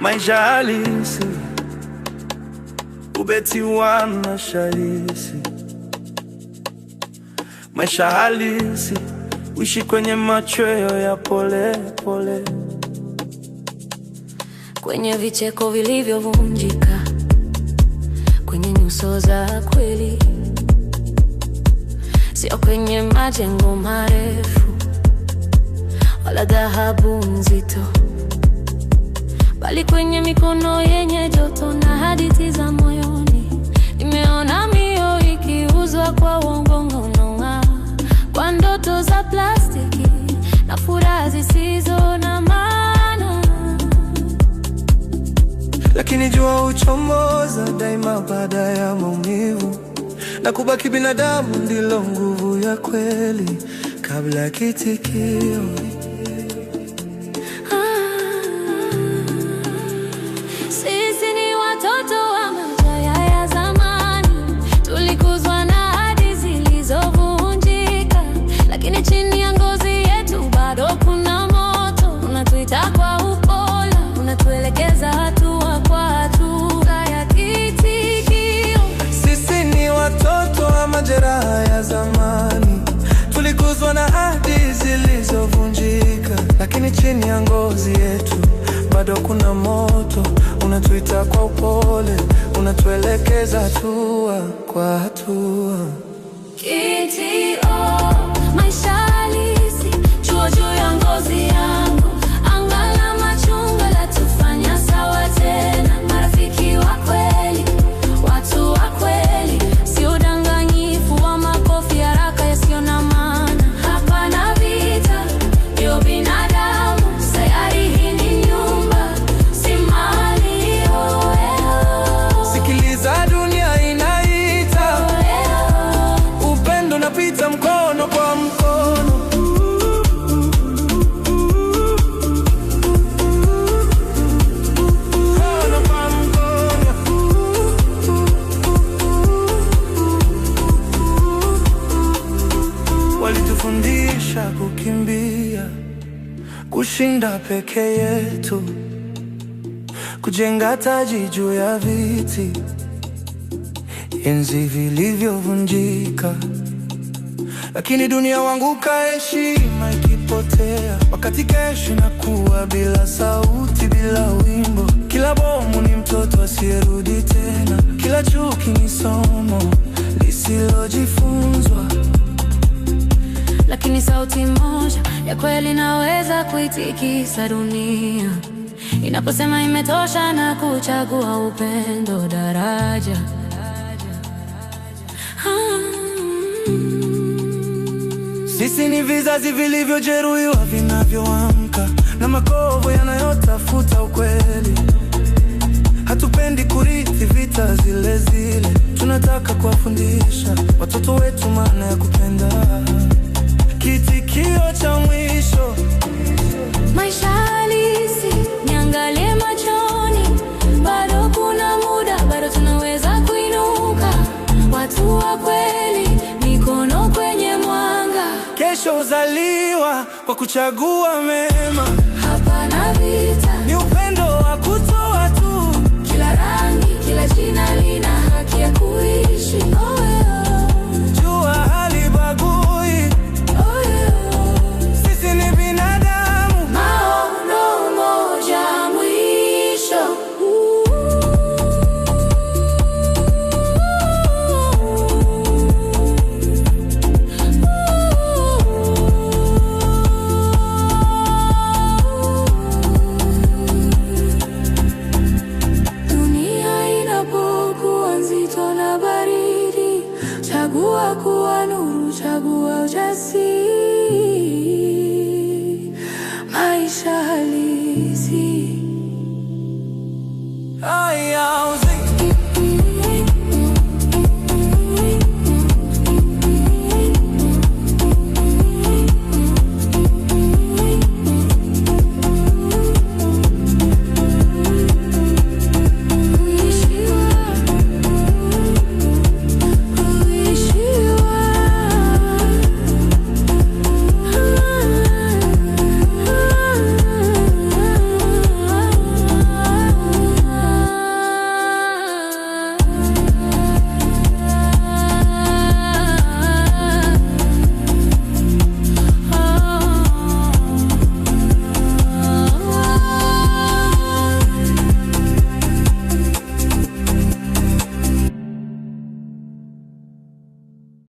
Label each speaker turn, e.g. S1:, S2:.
S1: Maisha halisi, ubeti wana shalisi. Maisha halisi, uishi kwenye machweo ya polepole pole
S2: kwenye vicheko vilivyovunjika, kwenye nyuso za kweli, sio kwenye majengo marefu wala dhahabu nzito, bali kwenye mikono yenye joto na hadithi za moyoni. Nimeona mioyo ikiuzwa
S1: huchomoza daima baada ya maumivu, na kubaki binadamu ndilo nguvu ya kweli kabla kitikio Lakini chini ya ngozi yetu bado kuna moto unatuita kwa upole, unatuelekeza hatua kwa hatua. walitufundisha kukimbia, kushinda peke yetu, kujenga taji juu ya viti, enzi vilivyovunjika. Lakini dunia wangu heshima ikipotea, wakati kesho inakuwa bila sauti, bila wimbo. Kila bomu ni mtoto asiyerudi tena, kila
S2: chuki ni somo lakini sauti moja ya kweli naweza kuitikisa dunia inaposema imetosha na kuchagua upendo daraja ah.
S1: Sisi ni vizazi vilivyojeruhiwa vinavyoamka na makovu yanayotafuta ukweli. Hatupendi kurithi vita zile zile, tunataka kuwafundisha watoto wetu maana ya kupenda
S2: kitikio cha mwisho. Maisha halisi niangalie machoni, bado kuna muda, bado tunaweza kuinuka. Watu wa kweli, mikono kwenye mwanga.
S1: Kesho uzaliwa kwa kuchagua mema,
S2: hapana vita. Chagua kuwa nuru, chagua ujasiri, maisha halisi. Oh,
S1: yeah.